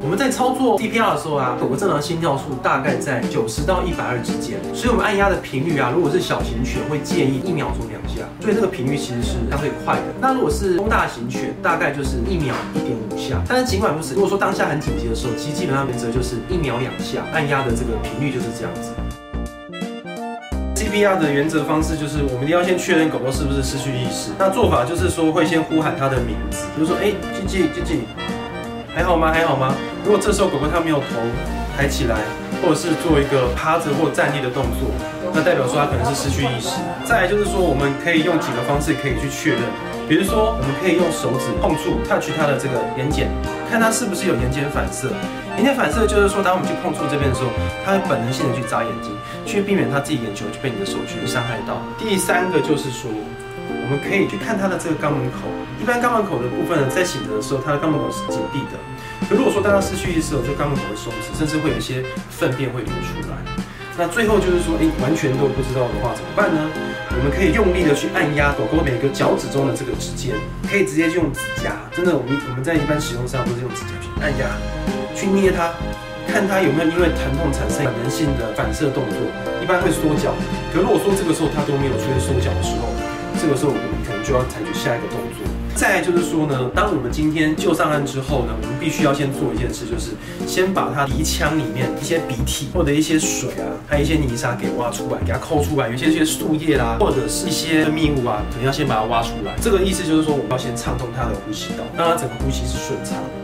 我們在操作 CPR 的時候啊，我們正常心跳數大概在九十到一百二之間，所以我們按壓的頻率啊，如果是小型犬會建議一秒鐘兩下，所以這個頻率其實是相對快的。那如果是中大型犬，大概就是一秒一點五下。但是儘管如此，如果說當下很緊急的時候，其實基本上原則就是一秒兩下，按壓的這個頻率就是這樣子。CPR 的原則方式就是，我們一定要先確認狗狗是不是失去意識。那做法就是說，會先呼喊它的名字，比如說，哎、欸，靜靜，靜靜，還好嗎？還好嗎？如果這時候狗狗它沒有頭抬起來，或者是做一個趴着或站立的動作，那代表說它可能是失去意識。再來就是說，我們可以用幾個方式可以去確認。比如說，我們可以用手指碰觸、探去它的這個眼瞼，看它是不是有眼瞼反射。眼瞼反射就是說，當我們去碰觸這邊的時候，它的本能性的去眨眼睛，去避免它自己眼球就被你的手去傷害到。第三個就是說，我們可以去看它的這個肛門口。一般肛門口的部分呢，在醒着的時候，它的肛門口是緊閉的。如果說當它失去意識的時候，這個肛門口會鬆弛，甚至會有一些糞便會流出來。那最後就是說，哎、欸，完全都不知道的話怎麼辦呢？我們可以用力的去按壓狗狗每個腳趾中的這個指尖，可以直接就用指甲。真的，我們我們在一般使用上都是用指甲去按壓，去捏它，看它有沒有因為疼痛產生本能性的反射動作。一般會縮腳，可如果說這個時候它都沒有出現縮腳的時候，這個時候我們可能就要採取下一個動作。再就是說呢，當我們今天救上岸之後呢，我們必須要先做一件事，就是先把他鼻腔裡面一些鼻涕或者一些水啊，還有一些泥沙給挖出來，給它摳出來。有一些這些樹葉啦，或者是一些分泌物啊，可能要先把它挖出來。這個意思就是說，我們要先暢通他的呼吸道，讓他整個呼吸是順暢的。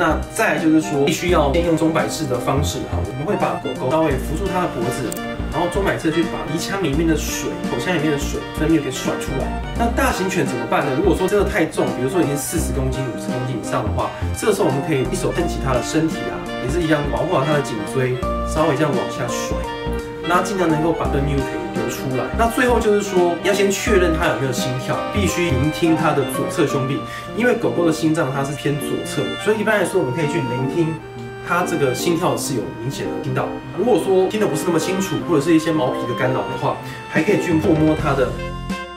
那再就是說，必須要先用鐘擺式的方式啊，我們會把狗狗稍微扶住它的脖子，然後鐘擺式去把鼻腔裡面的水、口腔裡面的水，分別給甩出來。那大型犬怎麼辦呢？如果說真的太重，比如說已經四十公斤、五十公斤以上的話，這個時候我們可以一手撐起它的身體啊，也是一樣保護好它的頸椎，稍微這樣往下甩，那盡量能夠把個尿給。出來，那最後就是說，要先確認它有沒有心跳，必須聆聽它的左側胸壁，因為狗狗的心臟它是偏左側，所以一般來說，我們可以去聆聽它這個心跳是有明顯的聽到。如果說聽得不是那麼清楚，或者是一些毛皮的干擾的話，還可以去觸摸它的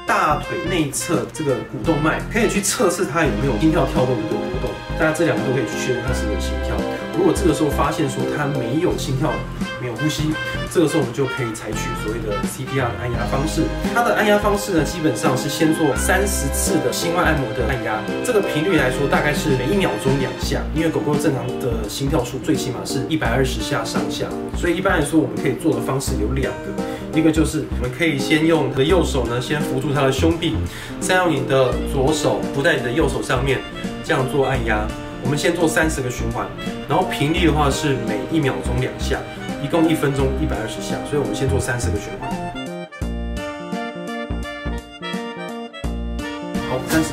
大腿內側這個股動脈，可以去測試它有沒有心跳跳動的一個搏動。大家這兩個都可以去確認它是否有心跳。如果這個時候發現說它沒有心跳，沒有呼吸，這個時候我們就可以採取所謂的 CPR 的按壓方式。它的按壓方式呢，基本上是先做三十次的心外按摩的按壓，這個頻率來說大概是每一秒鐘兩下。因為狗狗正常的心跳數最起碼是一百二十下上下，所以一般來說，我們可以做的方式有兩個，一個就是我們可以先用你的右手呢，先扶住它的胸壁，再用你的左手扶在你的右手上面，這樣做按壓。我們先做三十個循環，然後頻率的話是每一秒鐘兩下。一共一分鐘一百二十下，所以我們先做三十個循環。好，三十。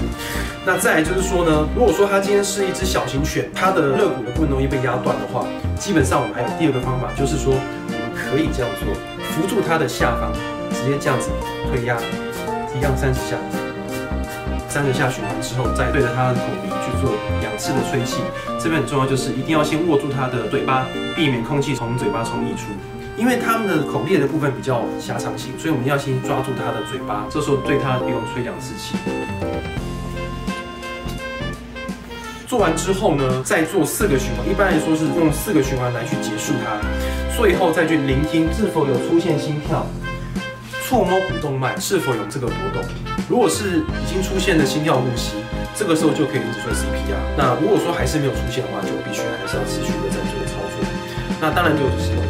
那再來就是說呢，如果說它今天是一隻小型犬，它的肋骨的骨頭容易被壓斷的話，基本上我們還有第二個方法，就是說我們可以這樣做：扶住它的下方，直接這樣子推壓，一樣三十下。三十下循環之後，再對着它的骨鼻去做次的吹氣，這邊很重要，就是一定要先握住他的嘴巴，避免空氣從嘴巴中溢出。因為他們的口裂的部分比較狹長型。所以我們要先抓住他的嘴巴。這時候對他，不用吹兩次氣。做完之後呢，再做四個循環。一般來說是用四個循環來去結束它，最後再去聆聽是否有出現心跳。觸摸股動脈是否有這個搏動？如果是已經出現的心跳呼吸，這個時候就可以終止做 CPR。那如果說還是沒有出現的話，就必須還是要持續的在做操作。那當然就是。